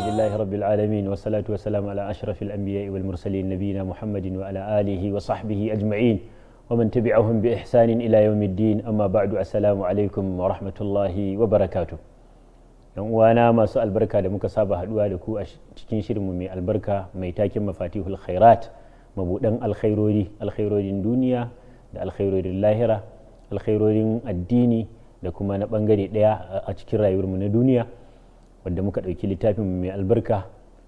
alhamdulillahi rabbil alamin wa salam ala ashrafil anbiya wal mursalin nabiyina muhammadin wa ala alihi wa sahbihi ajma'in wa man tabi'ahum bi ihsanin ila yawmiddin amma ba'du assalamu alaikum wa rahmatullahi wa barakatuh yan uwana masu albarka da muka saba haduwa da ku a cikin mu mai albarka mai takin mafatihul khairat mabudan alkhairori alkhairorin duniya da alkhairorin lahira alkhairorin addini da kuma na bangare daya a cikin rayuwarmu na duniya wadda muka ɗauki littafin mai albarka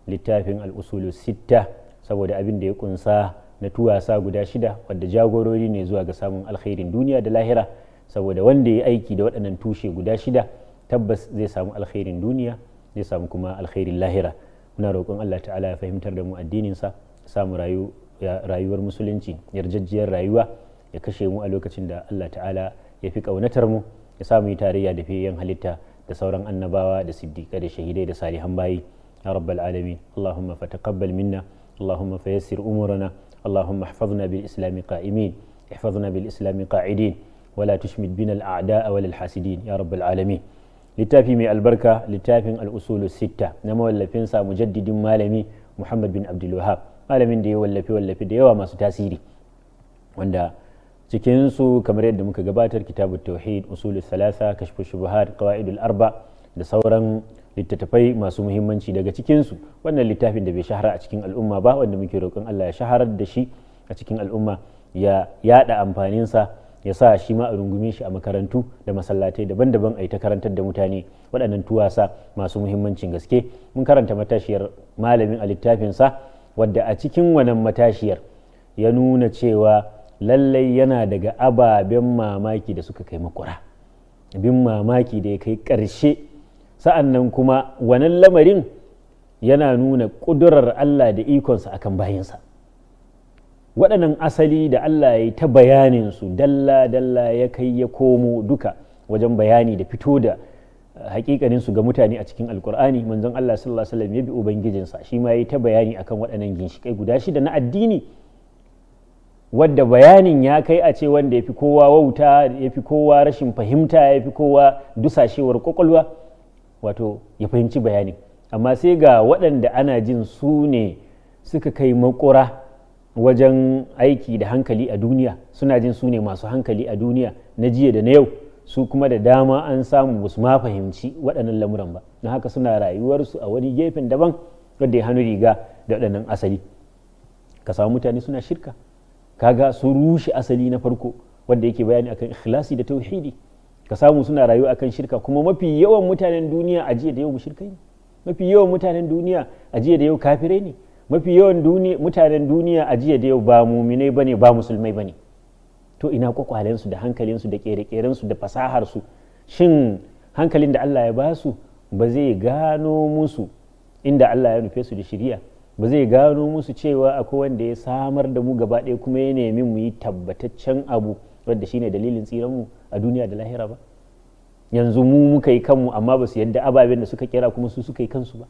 littafin al'usulu sitta saboda abin da ya kunsa na tuwasa guda shida wadda jagorori ne zuwa ga samun alkhairin duniya da lahira saboda wanda ya aiki da waɗannan tushe guda shida tabbas zai samu alkhairin duniya zai samu kuma alkhairin lahira muna roƙon Allah ta'ala ya fahimtar da mu addininsa samu rayuwar musulunci yarjejjiyar rayuwa ya kashe mu a lokacin da Allah ta'ala ya fi ƙaunatar mu ya sa mu yi tarayya da fiye halitta da sauran annabawa da siddiƙa da shahidai da salihan bayi ya rabbal alamin allahumma fataqabbal minna allahumma fayassir umurana allahumma ihfazna bil islami qa'imin ihfazna bil islami qa'idin wala tushmit bina al a'da'a wal hasidin ya rabbal alamin littafi mai albarka littafin al'usulu sitta na sa mujaddidin malami muhammad bin abdul wahab malamin da ya wallafe wallafe da yawa masu tasiri wanda cikin su kamar yadda muka gabatar kitabu tauhid usul salasa kashfu shubuhat qawaidul arba da sauran littattafai masu muhimmanci daga cikin su wannan littafin da bai shahara a cikin al'umma ba wanda muke roƙon Allah ya shaharar da shi a cikin al'umma ya yada amfanin sa ya sa shi ma a rungume shi a makarantu da masallatai daban-daban a yi ta karantar da mutane waɗannan tuwasa masu muhimmancin gaske mun karanta matashiyar malamin a sa wadda a cikin wannan matashiyar ya nuna cewa lallai yana daga ababen mamaki da suka kai makura abin mamaki da ya kai ƙarshe sa'an nan kuma wannan lamarin yana nuna ƙudurar Allah da ikonsa akan bayansa waɗannan asali da Allah ya yi ta bayaninsu dalla-dalla ya kai ya komo duka wajen bayani da fito da eh, hakikaninsu ga mutane a cikin alkur'ani manzon Allah sallallahu alaihi wasallam ya bi ubangijinsa shi ma ya yi ta bayani akan waɗannan ginshiƙai guda shida na addini wadda bayanin ya kai a ce wanda ya fi kowa wauta ya fi kowa rashin fahimta ya fi kowa dusashewar kwakwalwa wato ya fahimci bayani amma sai ga waɗanda ana jin su ne suka kai makura wajen aiki da hankali a duniya suna jin su ne masu hankali a duniya na jiya da na yau su kuma da dama an samu su ma fahimci waɗannan lamuran ba na haka suna rayuwarsu a wani gefen daban wadda ya hannu riga da waɗannan asali ka samu mutane suna shirka kaga su rushe asali na farko wanda yake bayani akan ikhlasi da tauhidi ka samu suna rayuwa akan shirka kuma mafi yawan mutanen duniya a jiya da yau mushrikai ne mafi yawan mutanen duniya a jiya da yau kafirai ne mafi yawan mutanen duniya a jiya da yau ba muminai bane ba musulmai bane to ina kwakwalensu da hankalinsu da kere-kerensu da fasahar su shin hankalin da Allah ya ba su ba zai gano musu inda Allah ya nufe su da shiriya ba zai gano musu cewa akwai wanda ya samar da mu gaba ɗaya kuma ya nemi mu yi tabbataccen abu wanda shine dalilin tsiranmu a duniya da lahira ba yanzu mu muka yi kanmu amma ba su yadda ababen da suka kira kuma su suka yi kansu ba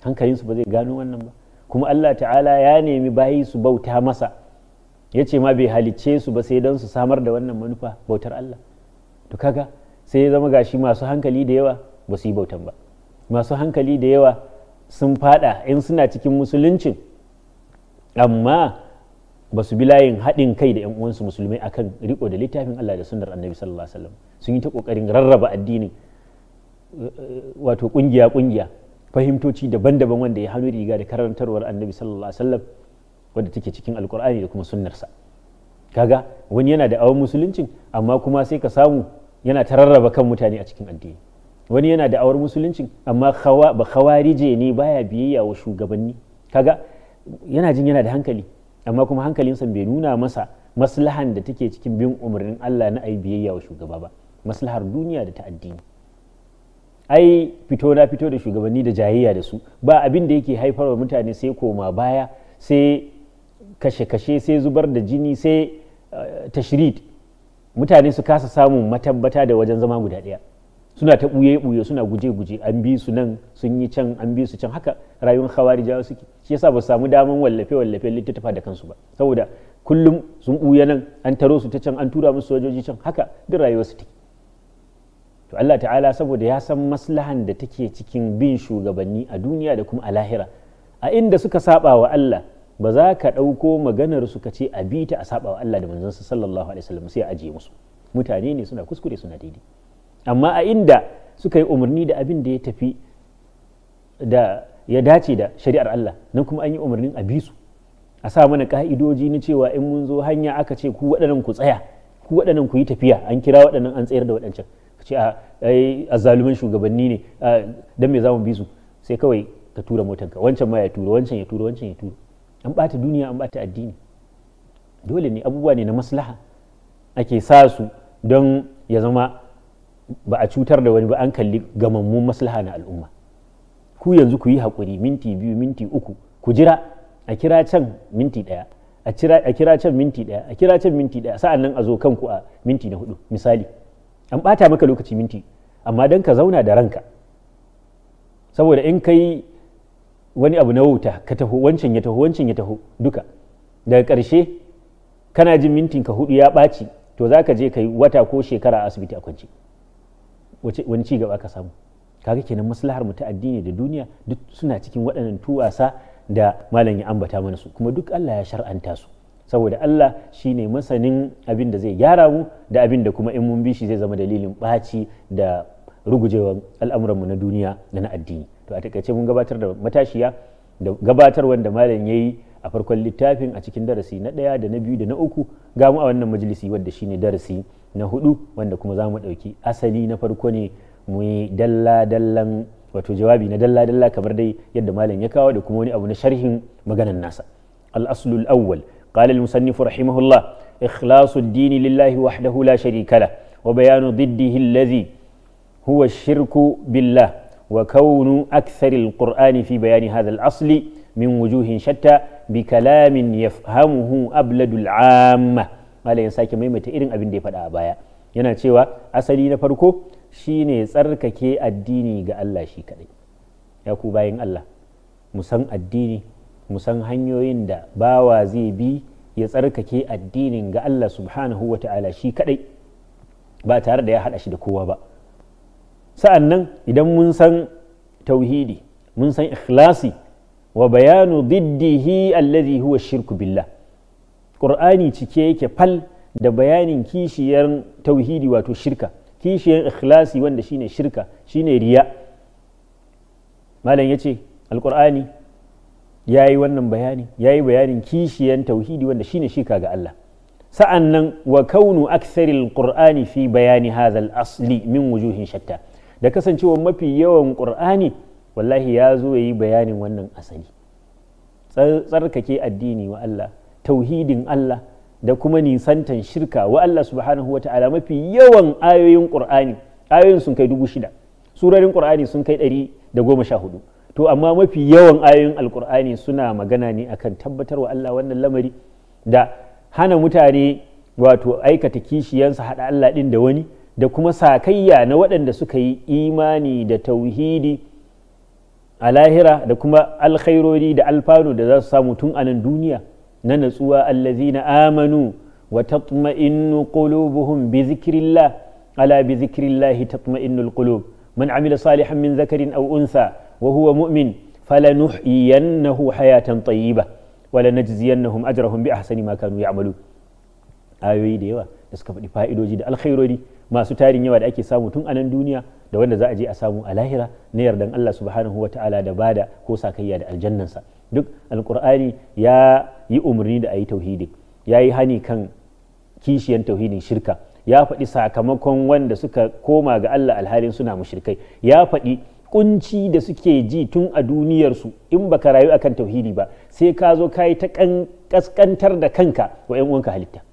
hankalinsu ba zai gano wannan ba kuma Allah ta'ala ya nemi bayi su bauta masa ya ce ma bai halicce su ba sai don su samar da wannan manufa bautar Allah to kaga sai ya zama gashi masu hankali da yawa ba su yi bautan ba masu hankali da yawa sun fada in suna cikin musuluncin amma ba su bi layin haɗin kai da yan uwansu musulmai akan riko da littafin Allah da sunnar annabi sallallahu alaihi wasallam sun yi ta kokarin rarraba addinin eh, wato kungiya kungiya fahimtoci daban-daban wanda ya hannu riga da karantarwar annabi sallallahu alaihi wasallam wanda take cikin alkur'ani da kuma sunnarsa kaga wani yana da awon musuluncin amma kuma sai ka samu yana ta rarraba kan mutane a cikin addini wani yana da awar musulunci amma ba khawarije ne baya biyayya wa shugabanni kaga yana jin yana da hankali amma kuma hankalin hankalinsa bai nuna masa maslahan da take cikin bin umarnin Allah na ai biyayya wa shugaba ba maslahar duniya da ta addini ai fito na fito da shugabanni da jayayya da su ba abin da yake haifarwa mutane sai koma baya sai kashe-kashe sai zubar da jini sai eh, tashrid mutane su kasa samun matabbata da wajen zama guda ɗaya suna ta buye buye suna guje guje an bi su nan sun yi can an bi su can haka rayuwar jawo suke shi yasa ba su samu daman wallafe wallafe littattafa da kansu ba saboda kullum sun buya nan an taro su ta can an tura musu sojoji can haka duk rayuwar su take to Allah ta'ala saboda ya san maslahan da take cikin bin shugabanni a duniya da kuma a lahira a inda suka saba wa Allah ba za ka ɗauko maganar suka ce a bi ta a saba wa Allah da manzansa sallallahu alaihi wasallam sai a ajiye musu mutane ne suna kuskure suna daidai amma a inda suka yi umarni da abin da ya tafi da ya dace da shari'ar Allah nan kuma an yi umarnin a bisu a sa mana ka'idoji na cewa in mun zo hanya aka ce ku waɗannan ku tsaya ku waɗannan ku yi tafiya an kira waɗannan an tsayar da waɗancan ka ce a zaluman shugabanni ne don me za mu bisu sai kawai ka tura motanka wancan ma ya tura wancan ya tura wancan ya tura an ɓata duniya an ɓata addini dole ne abubuwa ne na maslaha ake sa su don ya zama ba a cutar da wani ba an kalli gamammun maslaha na al'umma ku yanzu ku yi haƙuri minti biyu minti uku ku jira a kira can minti ɗaya a kira can minti ɗaya a kira can minti ɗaya sa'an nan a zo kanku a minti na hudu misali an ɓata maka lokaci minti amma don ka zauna da ranka saboda in kai wani abu na wuta ka taho wancan ya taho wancan ya taho duka daga ƙarshe kana jin mintin ka hudu ya ɓaci to za ka je ka yi wata ko shekara a asibiti a kwance wani ci gaba ka samu kaga kenan maslahar mu ta addini da duniya duk suna cikin waɗannan tuwasa da malam ya ambata mana su kuma duk Allah ya shar'anta su saboda Allah shine masanin abin da zai gyara mu da abin da kuma in mun bi shi zai zama dalilin ɓaci da al'amuran mu na duniya da na addini to a takaice mun gabatar da matashiya da gabatar wanda malam yayi a farkon littafin a cikin darasi na ɗaya da na biyu da na uku gamu a wannan majalisi wanda shine darasi na hudu wanda kuma za mu ɗauki asali na farko ne mu yi dalla-dallan wato jawabi na dalla-dalla kamar dai yadda malam ya kawo da kuma wani abu na sharhin maganar nasa al-aslu al-awwal qala al-musannif rahimahullah ikhlasu ad-din lillahi wahdahu la sharika la wa bayanu diddihi alladhi huwa ash-shirku billah wa kaunu akthar al-qur'ani fi bayani hadha al-asli min wujuhin shatta bikalamin yafhamuhu abladul 'amma malam ya sake maimaita irin abin da ya faɗa a baya yana cewa asali na farko shine tsarkake addini ga Allah shi kadai ya ku bayan Allah mu san addini mu san hanyoyin da bawa zai bi ya tsarkake addinin ga Allah subhanahu wa ta'ala shi kadai ba tare da ya haɗa shi da kowa ba sa'an nan idan mun san tauhidi mun san ikhlasi wa bayanu diddihi allazi huwa shirku billah ƙur'ani cike yake fal da bayanin kishiyar tauhidi wato shirka kishiyar ikhlasi wanda shine shirka shine riya malam ya ce alƙur'ani ya yi wannan bayani ya yi bayanin kishiyar tauhidi wanda shine shirka ga Allah sa'an nan wa kaunu aksaril qur'ani fi bayani hadhal asli min wujuhin shatta da kasancewar mafi yawan qur'ani wallahi ya zo ya yi bayanin wannan asali tsarkake addini wa Allah tauhidin Allah da kuma nisantan shirka wa Allah subhanahu wa ta'ala mafi yawan ayoyin Qur'ani ayoyin sun kai dubu shida surorin Qur'ani sun kai ɗari da goma sha hudu to amma mafi yawan ayoyin alkur'ani suna magana ne akan tabbatar wa Allah wannan lamari da hana mutane wato aikata kishiyansa haɗa Allah ɗin da wani da kuma sakayya na waɗanda suka yi imani da tauhidi a lahira da kuma alkhairori da alfanu da za su samu tun a nan duniya ننسوا الذين آمنوا وتطمئن قلوبهم بذكر الله ألا بذكر الله تطمئن القلوب من عمل صالحا من ذكر أو أنثى وهو مؤمن فلنحيينه حياة طيبة ولنجزينهم أجرهم بأحسن ما كانوا يعملون آيوي ديوا دسكفني فائدو جدا الخير دي masu tarin yawa da ake samu tun a nan duniya da wanda za a je a samu a lahira na yardan Allah subhanahu wa ta'ala da bada ko sakayya da aljannansa duk alkur'ani ya yi umarni da a yi tauhidi ya yi hani kan kishiyan tauhidin shirka ya faɗi sakamakon wanda suka koma ga Allah alhalin suna mushrikai ya faɗi kunci da suke ji tun a duniyarsu in baka rayu akan tauhidi ba sai ka zo ka yi ta kaskantar da kanka wa 'yan uwanka halitta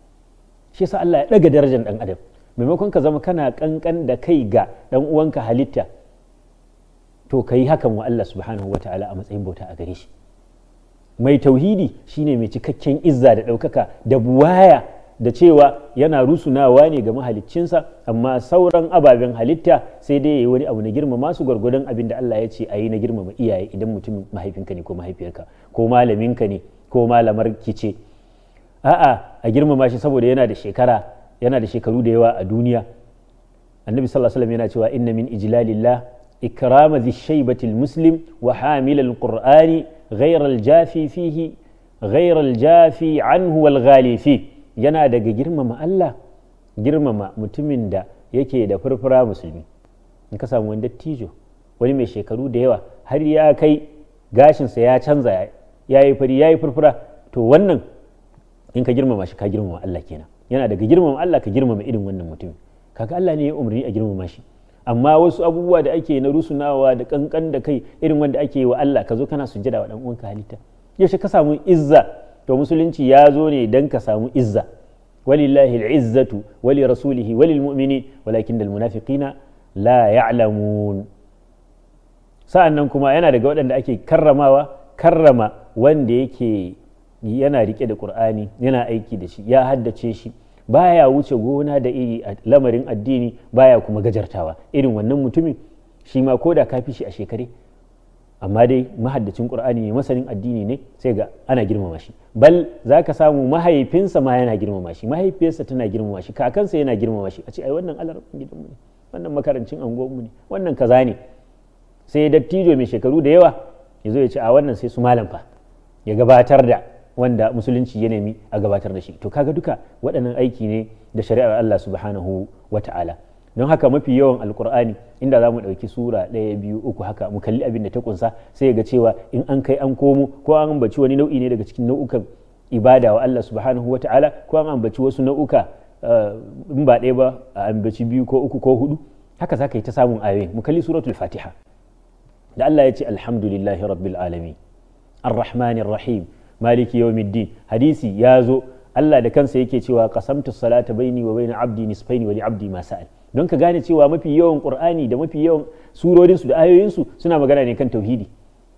shi yasa Allah ya ɗaga darajar ɗan adam maimakon ka zama kana kankan da kai ga dan uwanka halitta to ka yi hakan wa Allah subhanahu wata'ala a matsayin bauta a gare shi mai tauhidi shine mai cikakken izza da ɗaukaka da buwaya da cewa yana rusunawa ne ga mahaliccinsa amma sauran ababen halitta sai dai yayi wani abu na girmama su gwargwadon abin da Allah ya ce a yi na girmama iyaye idan mutum mahaifinka ne ko mahaifiyarka ko malaminka ne ko malamar kice a'a a girmama shi saboda yana da shekara yana da shekaru da yawa a duniya annabi sallallahu alaihi yana cewa inna min ijlalillah ikrama dhi shaybati muslim wa hamil alqur'ani ghayra aljafi fihi ghayra aljafi anhu wal ghalifi yana daga girmama Allah girmama mutumin da yake da furfura musulmi in ka samu wani dattijo wani mai shekaru da yawa har ya kai gashinsa ya canza ya yi fari ya yi furfura to wannan in ka girmama shi ka girmama Allah kenan yana daga girmama Allah ka girmama irin wannan mutum kaga Allah ne ya umarni a girmama shi amma wasu abubuwa da ake na rusunawa da kankan da kai irin wanda ake wa Allah ka zo kana sujjada wa dan uwanka halitta yaushe ka samu izza to musulunci ya zo ne dan ka samu izza walillahi al'izzatu wali rasulihi walil walakin dal munafiqina la ya'lamun sa'annan kuma yana daga waɗanda ake karramawa karrama wanda yake yana rike da ƙur'ani yana aiki da shi ya haddace shi baya wuce gona da iri a lamarin addini baya kuma gajartawa irin wannan mutumin shi ma ko da ka fi shi a shekare amma dai mahaddacin qur'ani ne masanin addini ne sai ga ana girmama shi bal za ka samu mahaifinsa ma yana girmama shi mahaifiyarsa tana girmama shi kakansa yana girmama shi a ce ai wannan alarabin gidanmu ne wannan makarancin anguwanmu ne wannan kaza ne sai dattijo mai shekaru da yawa ya zo ya ce a wannan sai su malam fa ya gabatar da wanda musulunci ya nemi a gabatar da shi to kaga duka waɗannan aiki ne da shari'ar Allah subhanahu wa ta'ala don haka mafi yawan alkur'ani inda za mu ɗauki sura ɗaya biyu uku haka mu kalli abin da ta kunsa sai ga cewa in an kai an komo ko an ambaci wani nau'i ne daga cikin nau'ukan ibada wa Allah subhanahu wataala ko an ambaci wasu nau'uka eh, in ba ɗaya ba a ambaci biyu ko uku ko hudu haka za ka yi ta samun ayoyi mu kalli suratul fatiha da Allah ya ce alhamdulillahi rabbil alamin arrahmanir rahim maliki yawmiddin hadisi ya zo Allah da kansa yake cewa qasamtu salata baini wa baina abdi nisfaini wa li abdi ma sa'al don ka gane cewa mafi yawan qur'ani da mafi yawan surorin su da ayoyin su suna magana ne kan tauhidi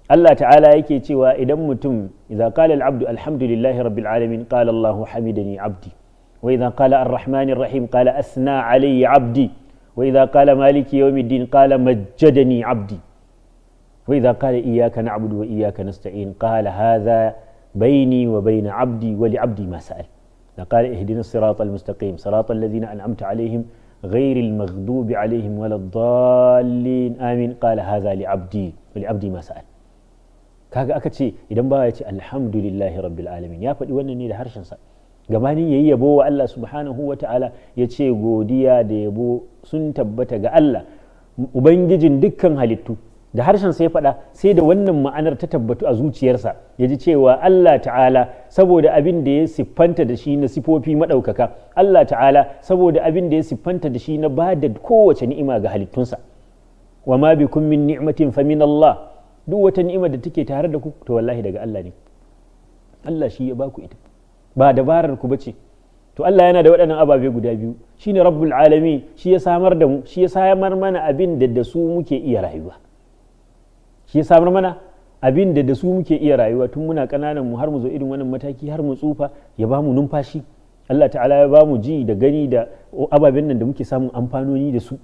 Allah ta'ala yake cewa idan mutum idza qala al abdu alhamdulillahi rabbil alamin qala Allah hamidani abdi wa idza qala ar-rahman ar-rahim qala asna alayya abdi wa idza qala maliki yawmiddin qala majjadani abdi wa idza qala iyyaka na'budu wa iyyaka nasta'in qala hadha بيني وبين عبدي ولعبدي ما سأل لقال اهدنا الصراط المستقيم صراط الذين أنعمت عليهم غير المغضوب عليهم ولا الضالين آمين قال هذا لعبدي ولعبدي ما سأل كاغا أكتشي إذا مبا الحمد لله رب العالمين يا فدي وانني لحرشن سأل gabanin ya yi yabo wa Allah subhanahu wa ta’ala ya ce godiya da yabo sun da harshen sai faɗa sai da wannan ma'anar ta tabbatu a zuciyarsa ya ji cewa Allah ta'ala saboda abin da ya siffanta da shi na sifofi maɗaukaka Allah ta'ala saboda abin da ya siffanta da shi na ba da kowace ni'ima ga halittunsa wa ma kun min ni'matin fa min Allah duk wata ni'ima da take tare da ku to wallahi daga Allah ne Allah shi ya baku ita ba dabarar ku bace to Allah yana da waɗannan ababe guda biyu shine rabbul alamin shi ya samar da mu shi ya samar mana abin da da su muke iya rayuwa shi ya samar mana abin da da su muke iya rayuwa tun muna ƙananan mu har mu zo irin wannan mataki har mu tsufa ya ba mu numfashi Allah ta'ala ya ba mu ji da gani da ababen nan da muke samun amfanoni da su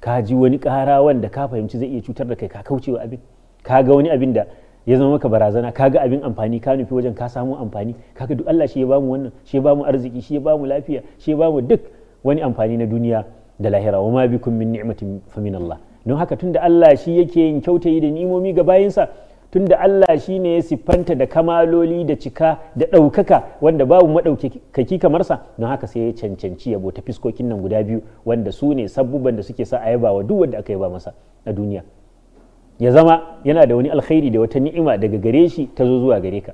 ka ji wani ƙara wanda ka fahimci zai iya cutar da kai ka kaucewa abin ka ga wani abin da ya zama maka barazana ka ga abin amfani ka nufi wajen ka samu amfani ga duk Allah shi ya bamu wannan shi ya bamu arziki shi ya bamu lafiya shi ya bamu duk wani amfani na duniya da lahira wa ma bikum min ni'matin fa min Allah don haka tunda Allah shi yake yin kyautayi da ni'imomi ga bayinsa tunda Allah shi ne ya siffanta da kamaloli da cika da ɗaukaka wanda babu maɗaukaki kamar sa don haka sai ya cancanci ya bota fiskokin nan guda biyu wanda su ne sabubban da suke sa a yaba wa duk wanda aka yaba masa a duniya ya zama yana da wani alkhairi da wata ni'ima daga gare shi ta zo zuwa gare ka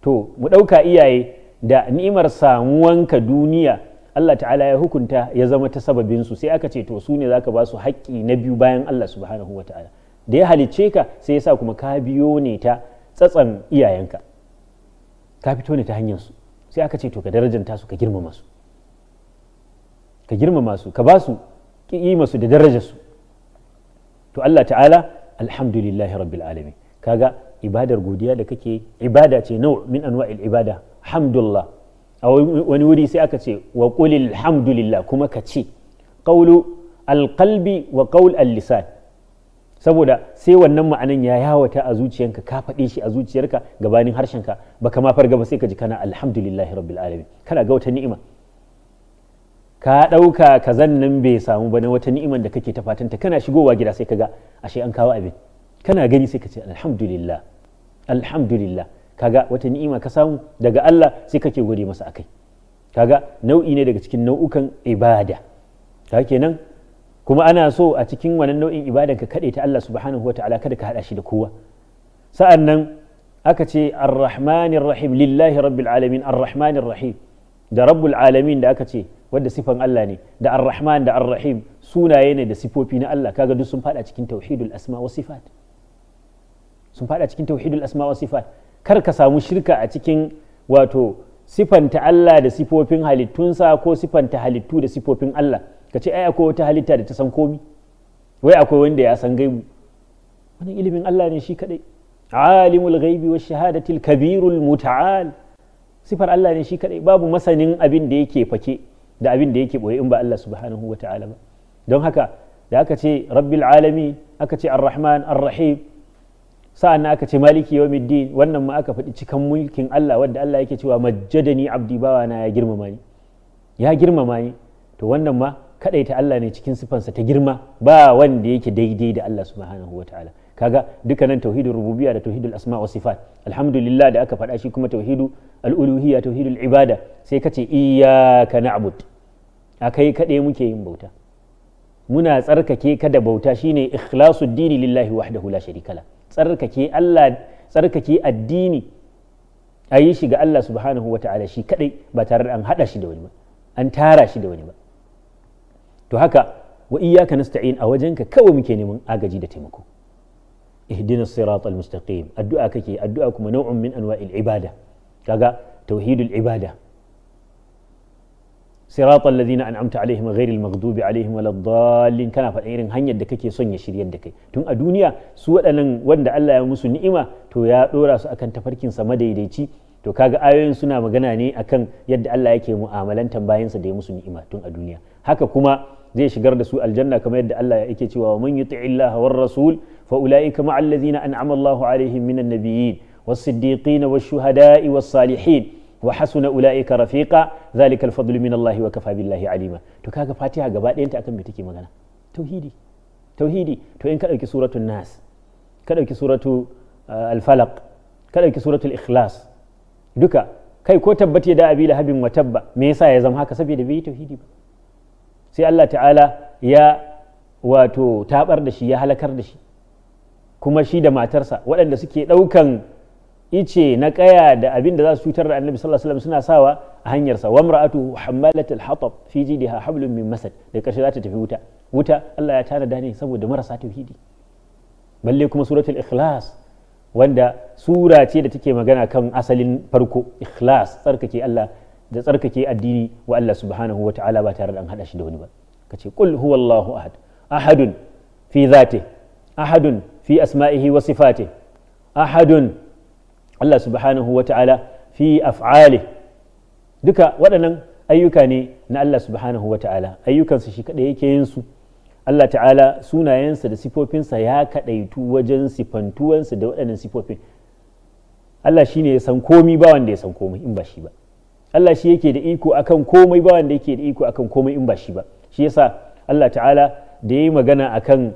to mu ɗauka iyaye da ni'imar samuwanka duniya Allah ta'ala ya hukunta ya zama ta sababin su sai aka ce to su ne zaka ba su haƙƙi na biyu bayan Allah subhanahu wata'ala da ya halicce ka sai yasa kuma ka biyo ne ta tsatsan iyayenka ka fito ne ta hanyar su sai aka ce to ka darajanta su ka girmama su ka girmama su ka ba su kima su da darajar su to Allah ta'ala alhamdulillahi rabbil alamin kaga ibadar godiya da kake ibada ce nau' min anwa'il ibada hamdulillah a wani wuri sai aka ce wa qulil hamdulillah kuma ka ce ƙaulu alƙalbi wa ƙaul al-lisan saboda sai wannan ma'anan ya yawata a zuciyarka ka faɗe shi a zuciyarka gabanin harshenka ka ma farga ba sai ka ji kana alhamdulillah rabbil alamin kana ga wata ni'ima ka ɗauka kazan nan bai samu ba na wata ni'iman da kake ta fatanta kana shigowa gida sai ka ga ashe an kawo abin kana gani sai ka ce alhamdulillah alhamdulillah kaga wata ni'ima ka samu daga Allah sai kake gode masa akai kaga nau'i ne daga cikin nau'ukan ibada kaga kenan kuma ana so a cikin wannan nau'in ibadan ka kaɗe ta Allah subhanahu wataala kada ka hada shi da kowa sa'an nan aka ce arrahmanir rahim lillahi rabbil alamin arrahmanir rahim da rabbul alamin da aka ce wadda sifan Allah ne da arrahman da arrahim sunaye ne da sifofi na Allah kaga duk sun fada cikin tauhidul asma wa sifat sun fada cikin tauhidul asma wa sifat kar ka samu shirka a cikin wato sifanta Allah da sifofin halittunsa ko sifanta halittu da sifofin Allah ka ce ai akwai wata halitta da ta san komi wai akwai wanda ya san gaibu wannan ilimin Allah ne shi kadai alimul ghaibi wa shahadatil kabirul muta'al sifar Allah ne shi kadai babu masanin abin da yake fake da abin da yake boye in ba Allah subhanahu wa ta'ala ba don haka da aka ce rabbil alami aka ce arrahman arrahim sa'an aka ce maliki yau wannan ma aka faɗi cikan mulkin Allah wadda Allah yake cewa majjadani abdi bawa na ya girmama ni ya girmama ni to wannan ma ta Allah ne cikin sifansa ta girma ba wanda yake daidai da Allah subhanahu wa ta'ala kaga dukkanin tauhidul rububiyya da tauhidul asma wa sifat alhamdulillah da aka faɗa shi kuma tauhidu al-uluhiyya tauhidul ibada sai ka ce iyyaka na'bud akai kaɗai muke yin bauta muna tsarkake ka da bauta shine ikhlasu dini lillahi wahdahu la sharika kala. tsarkake Allah tsarkake addini a yi shi ga Allah subhanahu wa ta'ala shi kadai ba tare da an hada shi da wani ba an tara shi da wani ba to haka wa iyyaka nasta'in a wajenka kawai muke neman agaji da taimako ihdinas siratal mustaqim addu'a kake addu'a kuma nau'un min anwa'il ibada kaga tauhidul ibada صراط الذين أنعمت عليهم غير المغضوب عليهم ولا الضالين كان فإيرن هنيا دكك يسون يشري يدك تون الدنيا سوى أن وند الله يمس نعمة تو يا دورا أكن تفركين سمدي madaidaici to kaga ayoyin suna magana ne akan yadda Allah yake mu'amalantan bayansa da ya musu ni'ima tun a duniya haka kuma zai shigar da su aljanna kamar yadda Allah yake cewa man yuti'illaha war rasul fa ulaika ma'al ladzina an'ama Allahu alaihim minan nabiyyin was siddiqin wash shuhada'i was salihin wa hasuna ulaika rafiqa zalika alfadlu min Allah wa kafa billahi alima to kaga Fatiha gaba ɗayanta akan me take magana tauhidi to in ka dauki suratul nas ka dauki suratu eh, al-falaq ka suratul ikhlas duka kai ko tabbati da abi lahabin wa tabba me ya sa ya zama haka saboda bai tauhidi ba sai Allah ta'ala ya wato taɓar da shi ya halakar da shi kuma shi da matarsa waɗanda suke ɗaukan ice na kaya da abin da za su cutar da annabi sallallahu alaihi suna sawa a hanyarsa wa mar'atu hammalatul hatab fi jidha hablum min masad da karshe za ta tafi wuta wuta Allah ya tana ne saboda marasa tauhidi balle kuma suratul ikhlas wanda sura ce da take magana kan asalin farko ikhlas tsarkake Allah da tsarkake addini wa Allah subhanahu wata'ala ba tare da an hada shi da wani ba kace qul huwallahu ahad ahadun fi dhatihi ahadun fi asma'ihi wa sifatihi ahadun Allah subhanahu wa ta'ala fi af'ali duka waɗannan ayyuka ne na Allah subhanahu wa ta'ala ayyukansa shi kaɗai yake yin su Allah ta'ala sunayensa da sifofinsa ya kaɗaitu wajen sifantuwansa da waɗannan sifofin Allah shi ne ya san komi ba wanda ya san komai in ba shi ba Allah shi yake da iko akan komai ba wanda yake da iko akan komai in ba shi ba shi yasa Allah ta'ala da ya yi magana akan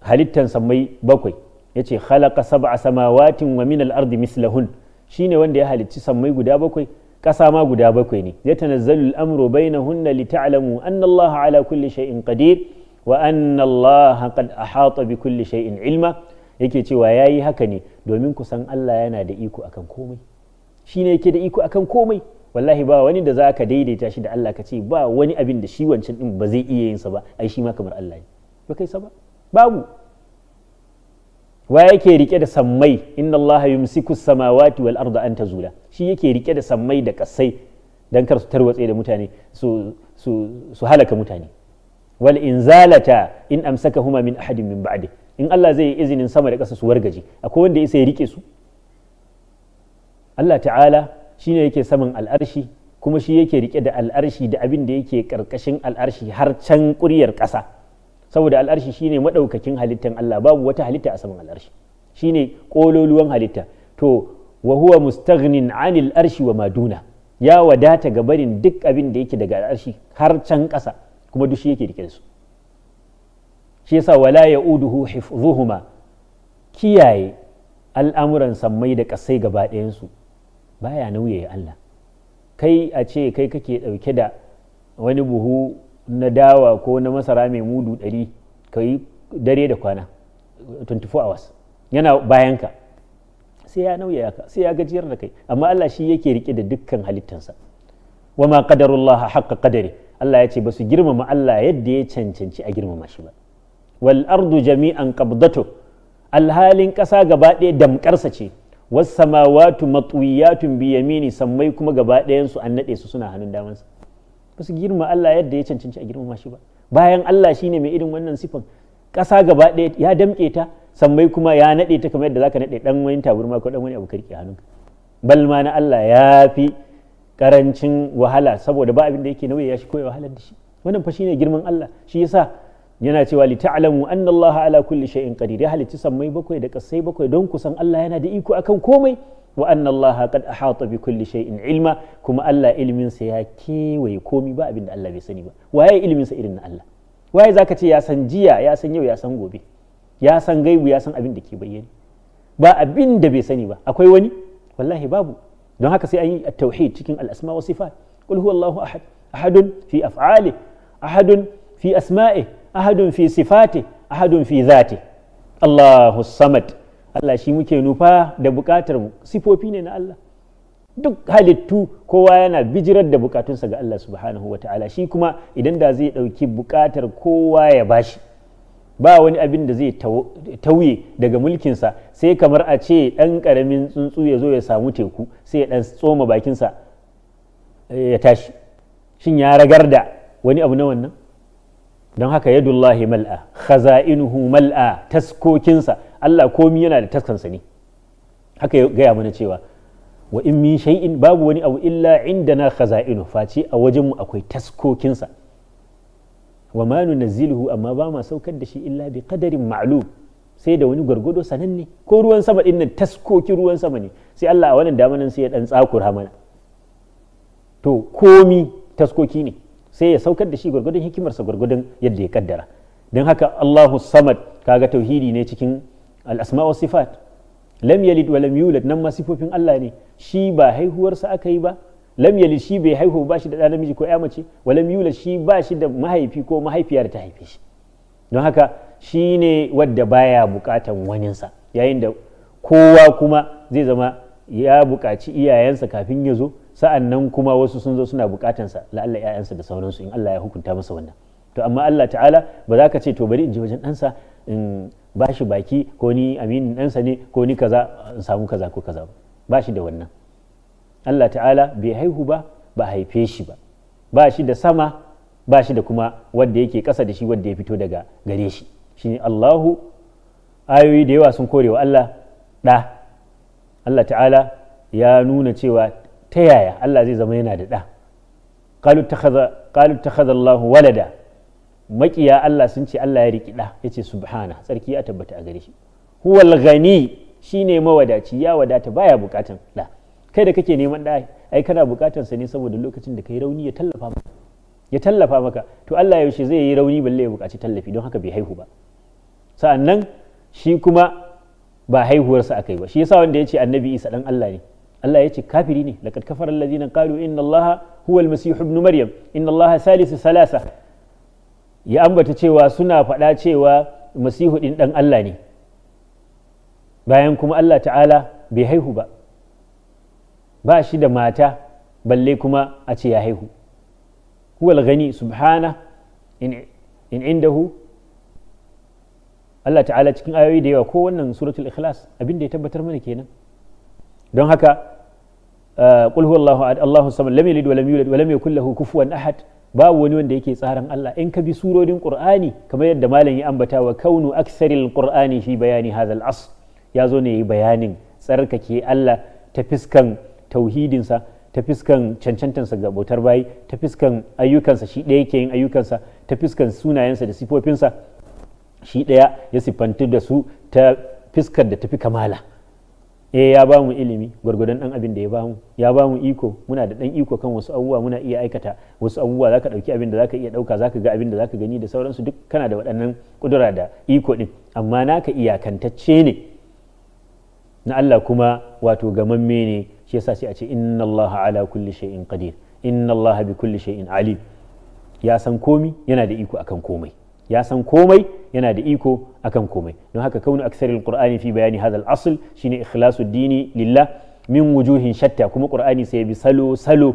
halittan samai bakwai yace khalaqa sab'a samawatin wa min al-ardi mislahun shine wanda ya halicci sammai guda bakwai ƙasa ma guda bakwai ne ya tanazzalu al-amru bainahunna li ta'lamu anna Allah ala kulli shay'in qadir wa anna Allah qad ahata bi kulli shay'in ilma yake cewa yayi haka ne domin ku san Allah yana da iko akan komai shine yake da iko akan komai wallahi ba wani da za ka daidaita shi da Allah ka ce ba wani abin da shi wancan din ba zai iya yin sa ba ai shi ma kamar Allah ne ba kai sa ba babu wa yake rike da sammai inna Allah yumsiku samawati wal arda an tazula shi yake rike da sammai da kasai dan kar su tarwatse da mutane su su su halaka mutane wal inzalata in amsakahuma min ahadin min ba'di in Allah zai yi izinin sama da kasa su wargaje akwai wanda ya rike su Allah ta'ala shine yake saman al'arshi kuma shi yake rike da al'arshi da abin da yake karkashin al'arshi har can kuryar kasa saboda al'arshi shine madaukakin halittan Allah babu wata halitta a saman al'arshi shine kololuwan halitta to wa huwa mustaghnin anil arshi wa maduna ya wadata ga barin duk abin da yake daga al'arshi har can ƙasa kuma duk shi yake rike su shi yasa wala ya'uduhu hifzuhuma kiyaye al'amuran sammai da ƙasai gaba ɗayansu baya nauye Allah kai a ce kai kake ɗauke da wani buhu na dawa ko na masara mai mudu ɗari ka yi dare da kwana 24 hours yana bayanka sai ya nauya ka sai ya gajiyar da kai amma Allah shi yake rike da dukkan halittansa wa ma qadarullah haqqa qadari Allah ya ce ba su girmama Allah yadda ya cancanci a girmama shi ba wal ardu jami'an qabdatu alhalin ƙasa gaba ɗaya damƙarsa ce was samawatu matwiyatun bi yamini sammai kuma gaba ɗayan su an nade su suna hannun damansa ba su girma Allah yadda ya cancanci a girmama shi ba bayan Allah shine mai irin wannan sifan ƙasa gaba ɗaya ya damƙe ta sammai kuma ya naɗe ta kamar yadda zaka naɗe ɗan wani taburma ko ɗan wani abu karki hannunka bal ma na Allah ya fi ƙarancin wahala saboda ba abin da yake nauyi ya shi koyi wahalar da shi wannan fa shine girman Allah shi yasa yana cewa li ta'lamu anna Allah ala kulli shay'in qadir ya halicci sammai bakwai da kasai bakwai don ku san Allah yana da iko akan komai wa anna allaha qad ahata bi kulli shay'in ilma kuma Allah ilimin ya kewaye komi ba abin Allah bai sani ba waye ilimin sa irin na Allah waye zaka ce ya san jiya yasan yau ya san gobe ya san gaibu ya san abin da ke bayyane ba abin bai sani ba akwai wani wallahi babu don haka sai an yi tauhid cikin al-asma wa sifat qul huwallahu ahad ahadun fi af'ali ahadun fi asma'i ahadun fi sifati ahadun fi dhati Allahu samad Allah shi muke nufa da buƙatar mu sifofi ne na Allah duk halittu kowa yana bijirar da bukatunsa ga Allah subhanahu wata'ala shi kuma idan da zai ɗauki buƙatar kowa ya bashi ba wani abin da zai tauye daga mulkinsa sai kamar a ce ɗan ƙaramin tsuntsu ya zo ya samu teku sai ya ɗan tsoma bakinsa eh, ya tashi shin ya ragar da wani abu na wannan don haka yadullahi mal'a khaza'inuhu mal'a taskokinsa Allah komi yana da taskansa ne haka ya gaya mana cewa wa in min shay'in babu wani abu illa indana khaza'inu face a wajen mu akwai taskokinsa wa ma nunazziluhu amma ba ma saukar da shi illa bi qadarin ma'lum sai da wani gwargwado sananne ko ruwan sama din nan taskokin ruwan sama ne sai Allah a wannan damanan sai ya dan tsakura mana to komi taskoki ne sai ya saukar da shi gwargwadon hikimarsa gwargwadon yadda ya kaddara don haka Allahu samad kaga tauhidi ne cikin al asma'o wa sifat lam yalid wa lam yulad nan ma sifofin Allah ne shi ba haihuwarsa aka yi ba lam yalid shi bai haihu ba shi da ɗan namiji ko ya mace wa lam yulad shi ba shi da mahaifi ko mahaifiyar ta haife shi don haka shi ne wadda baya buƙatan waninsa yayin da kowa kuma zai zama ya buƙaci iyayensa kafin ya zo sa'an nan kuma wasu sun zo suna buƙatansa la'alla 'ya'yansa da sauransu in Allah ya hukunta masa wannan to amma Allah ta'ala ba za ka ce to bari in je wajen ɗansa in ba shi baki ko ni aminin ɗansa ne ko ni kaza in samu kaza ko kaza ba shi da wannan Allah ta'ala bai haihu ba ba haife shi ba ba shi da sama ba shi da kuma wanda yake ƙasa da shi wanda ya fito daga gare shi shine Allahu ayoyi da yawa sun kore wa Allah ɗa Allah ta'ala ya nuna cewa ta yaya Allah zai zama yana da ɗa qalu takhadha qalu takhadha Allahu walada maƙiya Allah sun ce Allah ya riki ya yace subhana tsarki ya tabbata a gare shi huwal shi shine mawadaci ya wadata baya bukatan da kai da kake neman da ai kana bukatan sa ne saboda lokacin da kai rauni ya tallafa maka ya tallafa maka to Allah yaushe zai yi rauni balle ya bukaci tallafi don haka bai haihu ba sa'annan shi kuma ba haihuwarsa kai ba shi yasa wanda yace annabi Isa dan Allah ne Allah ya ce kafiri ne laqad kafara alladhina qalu inna allah huwa almasih ibn maryam inna allah salisu salasa ya ambata cewa suna faɗa cewa masihu ɗin ɗan Allah ne bayan kuma Allah ta'ala bai haihu ba ba shi da mata balle kuma a ce ya haihu huwal gani subhana in indahu Allah ta'ala cikin ayoyi da yawa ko wannan suratul ikhlas abin da ya tabbatar mana kenan don haka qul huwallahu ahad allahu samad lam yalid wa lam yulad wa lam ahad babu wani wanda yake tsarin Allah in ka bi surorin Qur'ani kamar yadda malam ya ambata wa kaunu aksaril Qur'ani shi bayani hadal as ya zo ne yi bayanin tsarkake Allah ta fiskan tauhidinsa ta fiskan cancantansa ga bautar bayi ta fiskan ayyukansa shi ɗaya yake yin ayyukansa ta fiskan sunayensa da sifofinsa shi ɗaya ya siffantu da su ta fiskar da tafi kamala eh ya ba mu ilimi gwargwadon dan abin da ya ba mu ya ba mu iko muna da dan iko kan wasu abubuwa muna iya aikata wasu abubuwa zaka dauki abin da zaka iya dauka zaka ga abin da zaka gani da sauransu duk kana da waɗannan kudura da iko ɗin. amma naka iyakantacce ne na Allah kuma wato gamamme ne shi yasa sai a ce inna Allah ala kulli shay'in qadir inna Allah bi kulli shay'in alim ya san komi yana da iko akan komai ya san komai yana da iko akan komai don haka kaunu aksaril qur'ani fi bayani hadal asl shine ikhlasu dini lillah min wujuhin shatta kuma qur'ani sai bi salo salo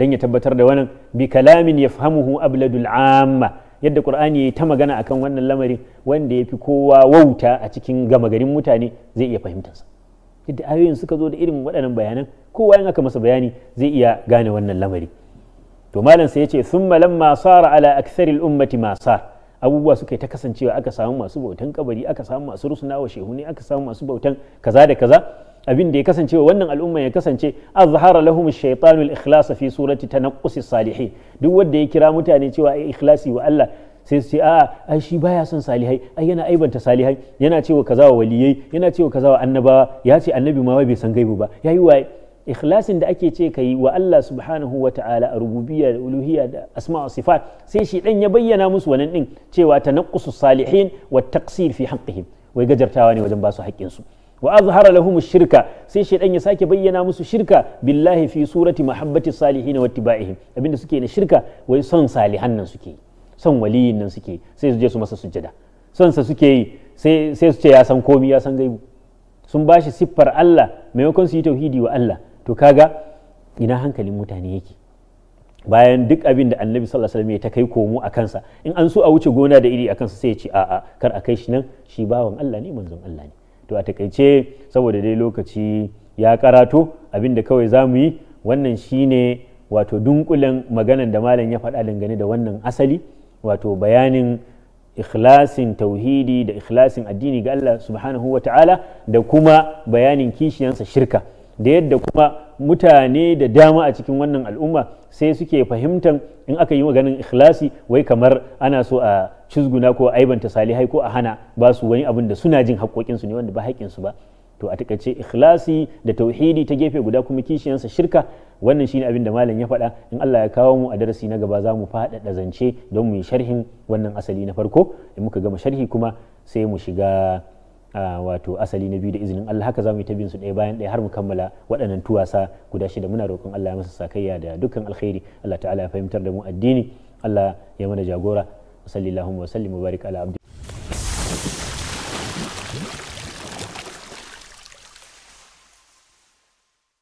dan ya tabbatar da wannan bi kalamin yafhamuhu abladul amma yadda qur'ani ya ta magana akan wannan lamarin wanda yafi kowa wauta a cikin gama garin mutane zai iya sa yadda ayoyin suka zo da irin waɗannan bayanan kowa in aka masa bayani zai iya gane wannan lamari to malam sai ya ce thumma lamma sara ala aktharil ummati ma abubuwa suka yi ta kasancewa aka samu masu bautan kabari aka samu masu rusuna wa shehu ne aka samu masu bautan kaza da kaza abin da ya kasance wannan al'umma ya kasance azhara lahum ash-shaytanu al-ikhlas fi surati tanaqqusi salihin duk wanda ya kira mutane cewa ai ikhlasi wa Allah sai su ce a ai shi baya son salihai ai yana aibanta salihai yana cewa kaza wa waliyai yana cewa kaza wa annabawa ya ce annabi ma bai san gaibu ba yayi waye ikhlasin da ake ce kayi wa Allah subhanahu wa ta'ala a rububiyya da uluhiyya da asma'a sifat sai shi dan ya bayyana musu wannan din cewa tanaqqusu salihin wa taqsir fi haqqihim wai gajartawa ne wajen basu su haƙƙin su wa azhara lahum shirka sai dan ya sake bayyana musu shirka billahi fi surati mahabbati salihin wa tibaihim abinda suke na shirka wai son salihan nan suke son waliyin nan suke sai su je su masa sujjada son sa suke yi sai su ce ya san komi ya san gaibu sun bashi siffar Allah maimakon su yi tauhidi wa Allah to kaga ina hankalin mutane yake bayan duk abin da annabi sallallahu alaihi wasallam ya kai komo a kansa in an so a wuce gona da iri a kansa sai ya ce a'a kar a kai shi nan shi bawan Allah ne manzon Allah ne to a takaice saboda dai lokaci ya karato abin da kawai za mu yi wannan shine wato dunkulen maganan da malam ya faɗa dangane da wannan asali wato bayanin ikhlasin tauhidi da ikhlasin addini ga Allah subhanahu wa ta'ala da kuma bayanin kishiyansa shirka da yadda kuma mutane da dama a cikin wannan al'umma sai suke fahimtan in aka yi maganin ikhlasi wai kamar ana so a cizguna ko aibanta salihai ko a hana ba su wani abin da suna jin haƙoƙinsu ne wanda ba haƙƙinsu ba to a takaice ikhlasi da tauhidi ta gefe guda kuma kishiyansa shirka wannan shine abin da malam ya faɗa in Allah ya kawo mu a darasi na gaba za mu faɗaɗa zance don mu yi sharhin wannan asali na farko in muka gama sharhi kuma sai mu shiga wato asali na biyu da izinin Allah haka zamu yi ta bin su ɗaya bayan ɗaya har mu kammala waɗannan tuwasa guda shida muna roƙon Allah ya masa sakayya da dukkan alkhairi Allah ta'ala ya fahimtar da mu addini Allah ya mana jagora sallallahu wa sallim wa barik ala abdi